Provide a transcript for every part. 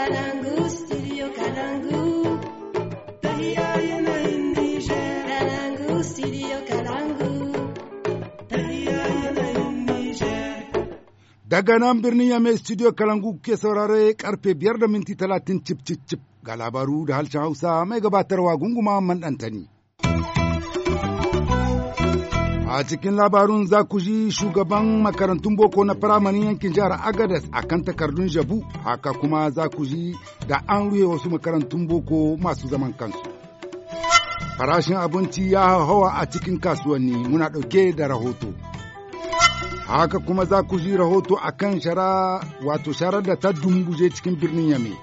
Kalangu, Daga nan birnin Yame studio Kalangu ke saurare karfe biyar da minti talatin cip cip cip ga labaru da halshen Hausa mai gabatarwa gunguma man ɗantani. A cikin labarun za ku ji shugaban makarantun boko na firamanin yankin jihar Agadez a kan takardun jabu, haka kuma za ku ji da an ruye wasu makarantun boko masu zaman kansu. Farashin abinci ya hawa a cikin kasuwanni muna ɗauke da rahoto. Haka kuma za ku ji rahoto a kan shara wato sharar da ta dumbuje cikin birnin Yame.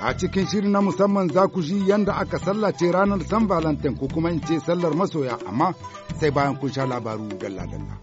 A cikin shiri na musamman za ku shi yadda aka sallace ranar San Valentin ko kuma in ce sallar masoya amma sai bayan kun sha labaru dalla-dalla.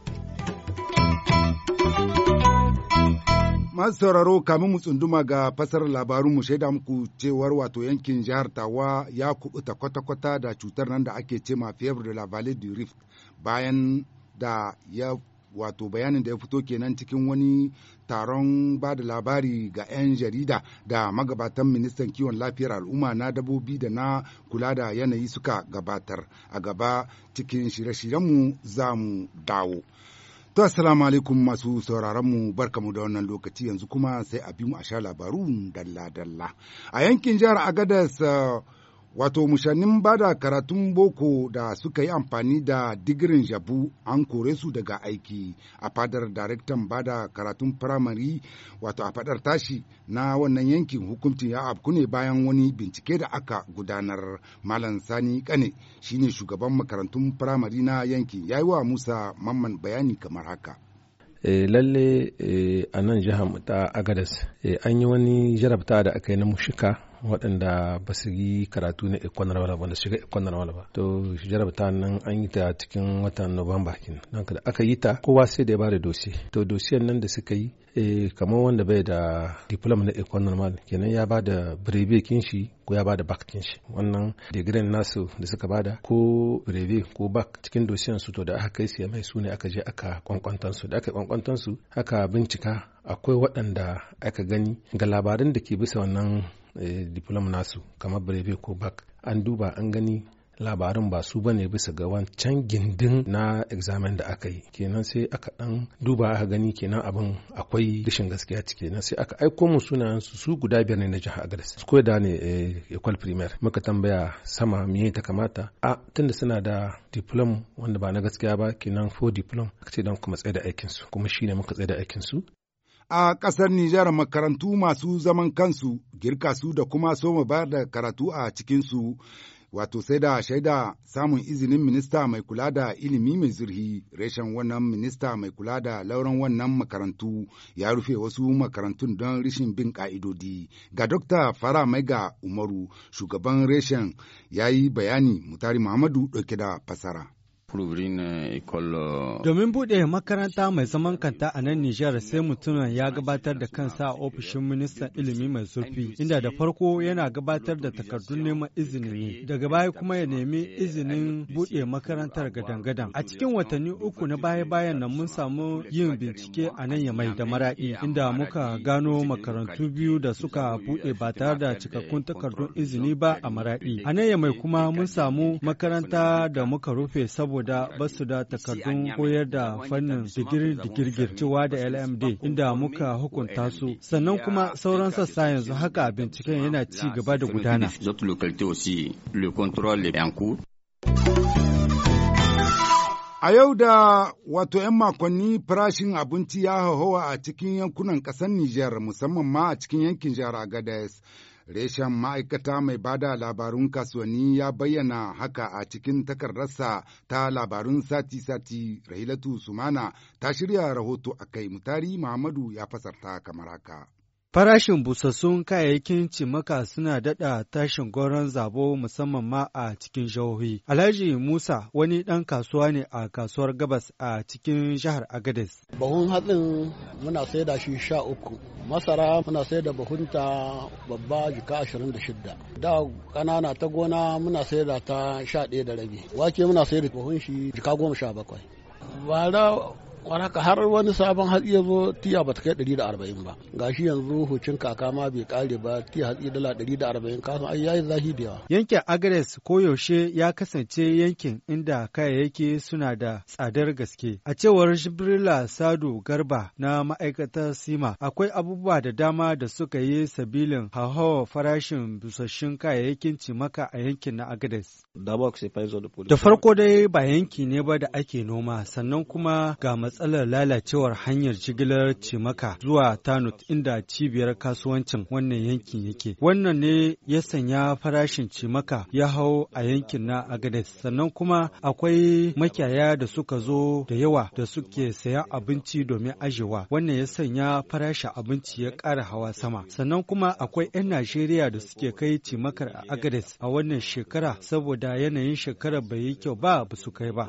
masu sauraro kamin mu tsunduma ga fasarar labarun mu shaida muku cewar wato yankin jihar tawa ya kubuta kwata-kwata da cutar nan da ake ce ma fever la vallée rift bayan da ya wato bayanin da ya fito kenan cikin wani taron ba da labari ga 'yan jarida da magabatan ministan kiwon lafiyar al'umma na dabobi da na kula da yanayi suka gabatar a gaba cikin shirye-shiryenmu za mu dawo. To assalamu alaikum masu sauraron mu barkamu da wannan lokaci yanzu kuma sai a bi mu a sha labarun dalla-dalla. A yankin jihar Agadas wato mushannin bada karatun boko da suka yi amfani da digirin jabu an kore su daga aiki a fadar daraktan bada karatun firamare wato a fadar tashi na wannan yankin hukuncin ya afku ne bayan wani bincike da aka gudanar malam sani kane shine shugaban makarantun firamare na yankin ya yi wa musa mamman bayani kamar haka E, lalle e, a nan jihar ta agadas e, eh, an yi wani jarabta da aka yi na mushika waɗanda ba su yi karatu na ikon wala ba da shiga ikon wala ba to jarabta nan an yi ta cikin watan nuwamba kin nan da aka yi ta kowa sai da ya bada dosi to dosiyan nan da suka yi eh, kamar wanda bai da diploma na ikon normal kenan ya bada brevet kin shi ko ya bada bak kin shi wannan degree nasu da suka bada ko brevet ko bak cikin dosiyan su to da aka kai su mai su ne aka je aka kwankwantan su da aka kwankwantan su aka bincika akwai waɗanda aka gani ga labarin da ke bisa wannan Eh, diploma nasu kamar breve ko bak an duba an gani labarin ba su bane bisa ga wancan gindin na examen da aka yi kenan sai aka dan duba aka gani kenan abin akwai rashin gaskiya ciki na sai aka aiko mu sunayen su su guda biyar ne na jihar Agres koya da ne ecole eh, primaire muka tambaya sama me ta kamata a tunda suna da diplom wanda ba na gaskiya ba kenan fo diplom aka ce don kuma tsaye da aikin su kuma shine muka tsaye da aikin su a ƙasar Nijar makarantu masu zaman kansu girka su da kuma so mu bayar da karatu a cikinsu. Wato sai da shaida samun izinin minista mai kula da ilimi mai zurhi reshen wannan minista mai kula da lauran wannan makarantu ya rufe wasu makarantun don rishin bin ka'idodi. Ga Dokta Fara ga Umaru, shugaban reshen ya yi bayani Mutari Muhammadu ɗauke da fasara. Eh, eh, Domin buɗe makaranta mai zaman kanta a nan Nijar sai mutumin ya gabatar da kansa a ofishin ministan ilimi mai zurfi, inda da farko yana gabatar da takardun neman izini ne, daga baya kuma ya nemi izinin buɗe makarantar gadan-gadan. A cikin watanni uku na baya-bayan nan mun samu yin bincike a nan Yamai da Maraɗi, inda muka gano makarantu biyu da suka buɗe ba tare da cikakkun takardun izini ba a Maraɗi. A nan ya Yamai kuma mun samu makaranta da muka rufe saboda guda ba su da takardun koyar da fannin digiri digirgir cewa da LMD inda muka hukunta su sannan kuma sauran sassa yanzu haka binciken yana ci gaba da gudana. A yau da wato ‘yan makonni farashin abinci ya hauhawa a cikin yankunan ƙasar Nijar musamman ma a cikin yankin jihar Agadez. Reshen ma'aikata mai bada labarun kasuwanni ya bayyana haka a cikin takardarsa ta labarun sati-sati Rahilatu Sumana ta shirya rahoto a kai mutari Muhammadu ya fasarta kamar haka. Farashin busassun kayayyakin cimaka suna daɗa tashin goron zabo musamman ma a cikin jihohi. Alhaji Musa wani ɗan kasuwa ne a kasuwar gabas a cikin jihar Agades. Bahun hatsin muna sai da shi sha uku. Masara muna sai da bahunta babba jika ashirin da shidda. Da ƙanana ta gona muna sai ta sha ɗaya da rabi. Wake muna sai da bahun shi jika goma sha bakwai. Bara kwanaka har wani sabon hatsi ya zo tiya ba ta kai 140 ba gashi yanzu hucin kaka ma bai kare ba tiya hatsi dala 140 kasan ai yayi zahi da yawa yankin agres koyaushe ya kasance yankin inda kayayyaki suna da tsadar gaske a cewar jibrila sadu garba na ma'aikatar sima akwai abubuwa da dama da suka yi sabilin hauhawar farashin busasshen kayayyakin cimaka a yankin na agres da farko dai ba yanki ne ba da ake noma sannan kuma ga matsalar lalacewar hanyar jigilar cimaka zuwa Tanut inda cibiyar kasuwancin wannan yankin yake. Wannan ne ya sanya farashin cimaka ya hau a yankin na Agades. Sannan kuma akwai makiyaya da suka zo da yawa da suke saya abinci domin ajewa. Wannan ya sanya farashin abinci ya ƙara hawa sama. Sannan kuma akwai 'yan Najeriya da suke kai cimakar a Agades a wannan shekara saboda yanayin shekarar bai yi kyau ba ba su kai ba.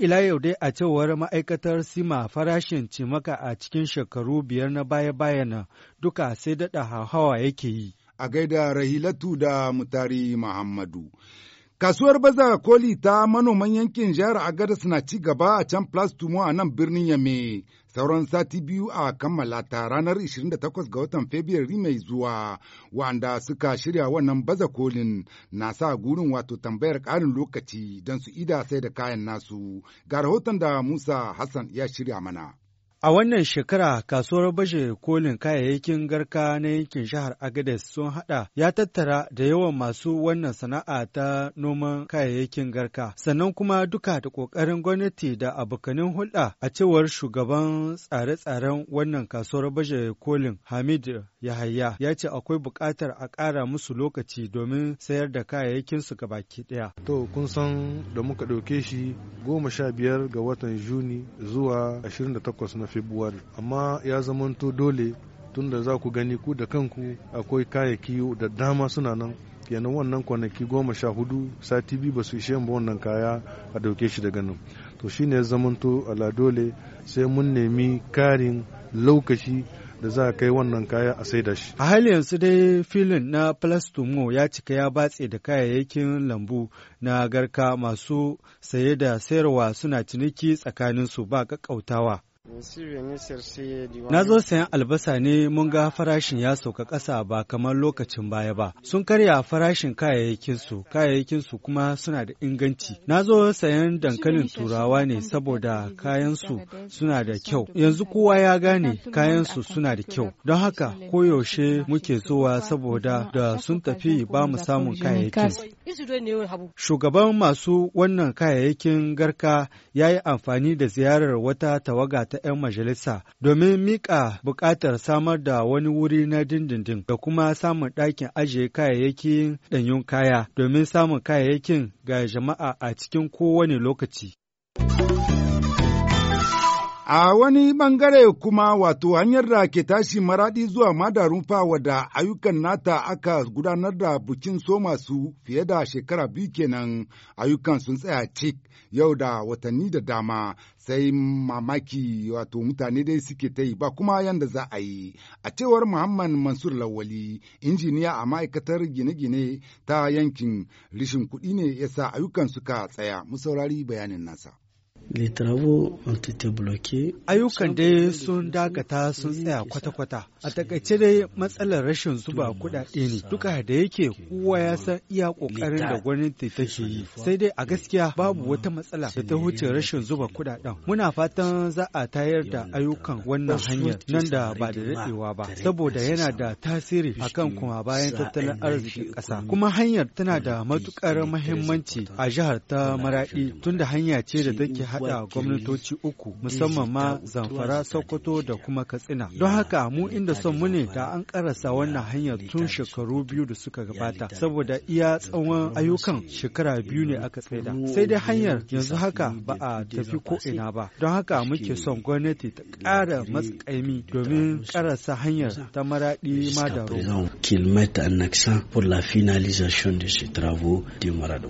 ila yau dai a cewar ma'aikatar Sima farashin cimaka a cikin shekaru biyar na baya-baya na duka sai daɗa hawa yake yi. A gaida Rahilatu da Mutari Muhammadu. Kasuwar baza koli ta manoman yankin jihar Agadas na ci gaba a can Plus Tumo a nan birnin Yame. Sauran sati biyu a kammala ta ranar 28 ga watan Fabrairu mai zuwa wanda suka shirya wannan baza kolin na sa gurin wato tambayar ƙarin lokaci don su ida sai da kayan nasu. Ga rahoton da Musa Hassan ya shirya mana. A wannan shekara kasuwar baje kolin kayayyakin garka na yankin jihar Agadez sun hada ya tattara da yawan masu wannan sana'a ta noman kayayyakin garka. Sannan kuma duka da kokarin gwamnati da abokanin hulɗa a cewar shugaban tsare-tsaren wannan kasuwar baje kolin Hamid Yahaya ya ce akwai buƙatar a ƙara musu lokaci domin sayar da kayayyakin su baki ɗaya. To kun san da muka ɗauke shi goma sha biyar ga watan Juni zuwa ashirin da takwas na february amma ya zamanto dole tun da za ku gani ku da kanku akwai kayayyaki da dama suna nan kenan wannan kwanaki goma sha hudu sati biyu ba su ishe ba wannan kaya a dauke shi daga nan to shi ne ya zamanto ala dole sai mun nemi karin lokaci da za a kai wannan kaya a saida shi. A hali yanzu dai filin na Plastumo ya cika ya batse da kayayyakin lambu na garka masu saye da sayarwa suna ciniki tsakaninsu ba kautawa. Na zo sayan albasa ne mun ga farashin ya sauka ƙasa ba kamar lokacin baya ba. Sun karya farashin kayayyakinsu, kayayyakinsu kuma suna da inganci. Na zo sayan dankalin turawa ne saboda kayansu suna da kyau. Yanzu kowa ya gane kayansu suna da kyau. Don haka koyaushe muke zuwa saboda da sun tafi ba mu samun kayayyakin. Shugaban masu wannan kayayyakin garka ya yi amfani da ziyarar wata tawaga ta 'yan majalisa domin mika buƙatar samar da wani wuri na dindindin da kuma samun ɗakin ajiye kayayyakin ɗanyun kaya domin samun kayayyakin ga jama'a a cikin kowane lokaci. A wani ɓangare kuma wato hanyar da ke tashi maraɗi zuwa wa wadda ayyukan nata aka gudanar da bukin soma su fiye da shekara biyu kenan ayyukan sun tsaya cik yau da watanni da dama sai mamaki wato mutane dai suke ta yi ba kuma yadda za a yi. A cewar Muhammad Mansur Lawali injiniya a ma'aikatar gine-gine ta yankin rishin kuɗi ne yasa ayyukan suka tsaya mu saurari bayanin nasa. Ayyukan dai sun dakata sun tsaya kwata-kwata. A takaice dai matsalar rashin zuba kuɗaɗe ne. Duka da yake kowa ya san iya ƙoƙarin da gwamnati take yi. Sai dai a gaskiya babu wata matsala da ta huce rashin zuba kuɗaɗen. Muna fatan za a tayar da ayyukan wannan hanyar nan da ba da daɗewa ba. Saboda yana da tasiri akan kuma bayan tattalin arzikin ƙasa. Kuma hanyar tana da matuƙar muhimmanci a jihar ta Maraɗi tunda hanya ce da take haɗa gwamnatoci uku musamman ma Zamfara, Sokoto da kuma Katsina. Don haka mu inda son mu ne da an karasa wannan hanyar tun shekaru biyu da suka gabata saboda iya tsawon ayyukan shekara biyu ne aka tsaida. Sai dai hanyar yanzu haka ba a tafi ko ina ba. Don haka muke son gwamnati ta ƙara matsakaimi domin karasa hanyar ta maraɗi madaro. Qu'ils en accent pour la finalisation de ces travaux du Maradou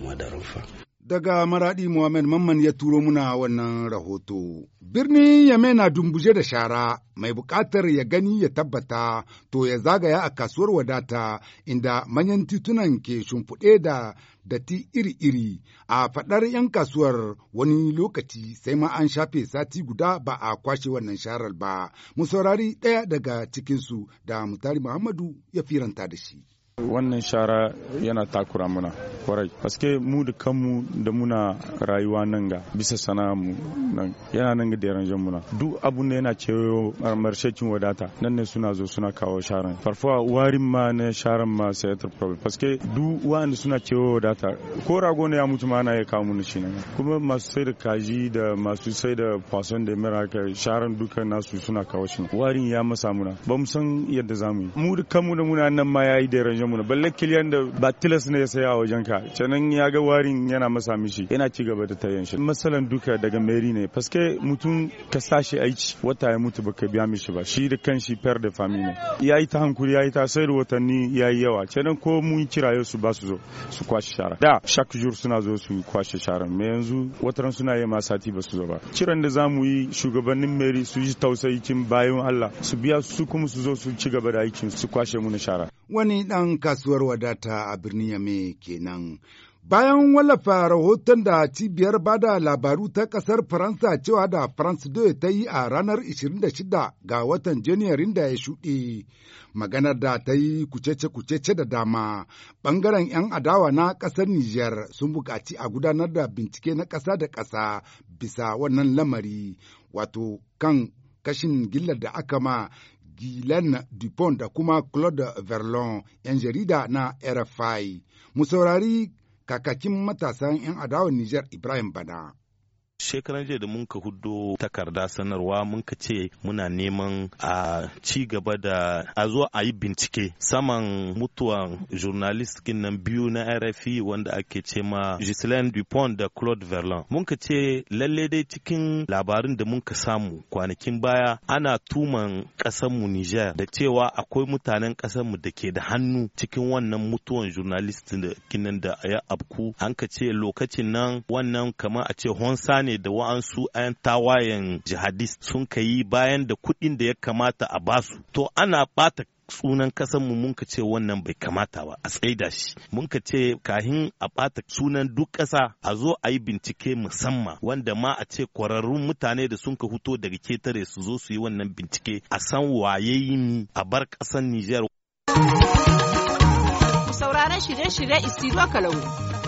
Daga Maraɗi Muhammad Mamman ya turo muna wannan rahoto. Birni Yame na dumbuje da shara, mai buƙatar ya gani ya tabbata, to ya zagaya a kasuwar wadata inda manyan titunan ke shimfiɗe da datti iri-iri. A faɗar 'yan kasuwar wani lokaci sai ma an shafe sati guda ba a kwashe wannan sharar ba. Mu saurari ɗaya daga cikinsu da Mutari Muhammadu ya firanta da shi. wannan shara yana takura muna kwarai paske mu da kanmu da muna rayuwa nan ga bisa mu nan yana nan ga da muna duk abun da yana cewa cin wadata nan ne suna zo suna kawo sharan farfawa warin ma na sharan ma sai ta problem paske duk wanda suna cewo wadata ko rago ne ya mutu ma ana ya kawo mun shi nan kuma masu sai da kaji da masu sai da fason da mera ka sharan dukan nasu suna kawo shi warin ya masa muna ba mu san yadda zamu yi mu da kanmu da muna nan ma yayi da damuna balle kiliyan da ba tilas ne ya saya a wajen ka canan ya ga warin yana masa mishi yana ci gaba da tayan shi masalan duka daga meri ne paske mutum ka sashi aici wata ya mutu baka biya mishi ba shi da kanshi per da fami ne yayi ta hankuri yayi ta sai da watanni yayi yawa canan ko mun kirayo su ba su zo su kwashe shara da shak jur suna zo su kwashe sharan me yanzu wataran suna yi ma sati ba su zo ba kiran da zamu yi shugabannin meri su yi tausayi bayan Allah su biya su kuma su zo su ci gaba da aikin su kwashe mu na shara wani dan kasuwar wadata a birnin Yame kenan. Bayan wallafa rahoton da cibiyar bada labaru ta ƙasar Faransa cewa da France 2 ta yi a ranar 26 ga watan Janairun da ya shuɗe, maganar da ta yi kucece-kucece da dama, ɓangaren 'yan adawa na ƙasar Nijar sun buƙaci a gudanar da bincike na ƙasa da ƙasa bisa wannan lamari, wato kan kashin gillar da aka ma Guylaine Dupont da kuma Claude Verlon, 'yan jarida na RFI. Mu saurari kakakin matasan 'yan adawar Nijar Ibrahim Bana. shekaran jiya da mun ka hudo takarda sanarwa mun ka ce muna neman a ci gaba da a zo a yi bincike saman mutuwan journalist nan biyu na RFI wanda ake ce ma Ghislaine Dupont da Claude verlon mun ka ce lalle dai cikin labarin da mun ka samu kwanakin baya ana tuman mu Niger da cewa akwai mutanen mu da ke da hannu cikin wannan mutuwan journalist nan da ya abku an ka ce lokacin nan wannan kamar a ce hon ne da wa'ansu 'yan tawayen jihadist sun ka yi bayan da kuɗin da ya kamata a basu to ana ɓata sunan mu mun ka ce wannan bai kamata ba a tsaida shi mun ka ce kahin a bata sunan duk ƙasa a zo a yi bincike musamman wanda ma a ce kwararrun mutane da sun ka huto daga ketare su zo su yi wannan bincike a san waye yi ni a bar ƙasar Nijar. Sauraron shirye-shirye Istiro Kalau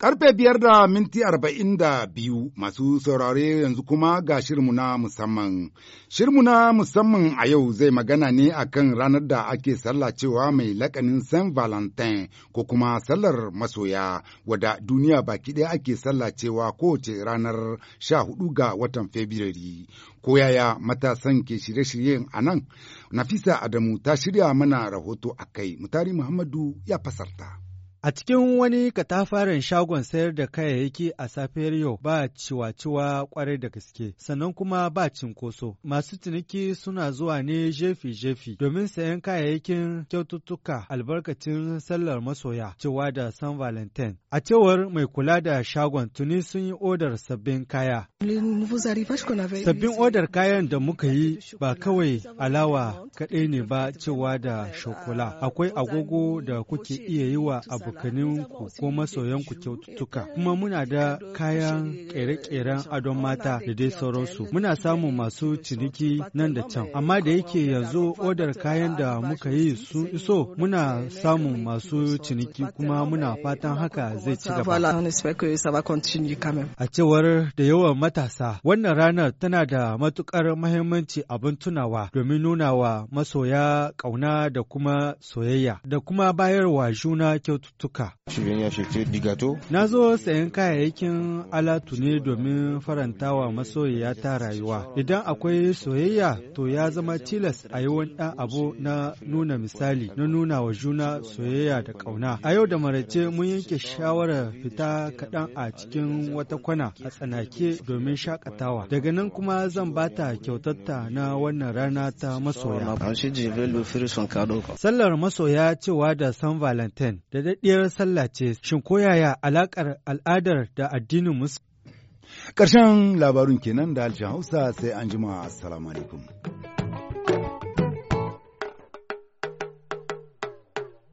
Karfe biyar da minti arba'in da biyu masu saurare yanzu kuma ga shirmu na musamman. Shirmu na musamman a yau zai magana ne a kan ranar da ake sallacewa mai lakanin Saint Valentin ko kuma sallar masoya wada duniya baki ɗaya ake sallacewa kowace ranar sha hudu ga watan Fabrairu. Ko yaya matasan ke shirye-shiryen a nan? Nafisa Adamu ta shirya mana rahoto a kai, Mutari Muhammadu ya fasarta. A cikin wani katafaren shagon sayar da kayayyaki a safiyar yau ba ciwa-ciwa kwarai da gaske, sannan kuma ba cinkoso. Masu ciniki suna zuwa ne jefi-jefi domin sayan kayayyakin kyaututtuka albarkacin sallar masoya cewa da San Valentine. A cewar mai kula da shagon tuni sun yi odar sabbin kaya. Sabbin odar kayan da muka yi ba kawai alawa kaɗai ne ba cewa da shokola. Akwai agogo da kuke iya yi wa abu abokaninku ko masoyanku kyaututtuka kuma muna da kayan ƙere-ƙeren adon mata da dai sauransu muna samun masu ciniki nan da can amma da yake yanzu odar kayan da muka yi su iso muna samun masu ciniki kuma muna fatan haka zai ci gaba a cewar da yawan matasa wannan ranar tana da matukar mahimmanci abin tunawa domin nuna wa masoya kauna da kuma soyayya da kuma bayarwa juna kyaututtuka kyaututtuka. Na zo sayan kayayyakin alatu ne domin farantawa masoyiya ta rayuwa. Idan akwai soyayya to ya zama tilas a yi wani ɗan abu na nuna misali na nuna wa juna soyayya da ƙauna. A yau da marace mun yanke shawarar fita kaɗan a cikin wata kwana a tsanake domin shakatawa. Daga nan kuma zan bata kyautatta na wannan rana ta masoya. Sallar masoya cewa da San Valentine da daɗi. karɓaɓɓiyar sallah ce, shin koyaya alaƙar al'adar da addinin musu? Ƙarshen labarun kenan da halshen Hausa sai an jima assalamu alaikum.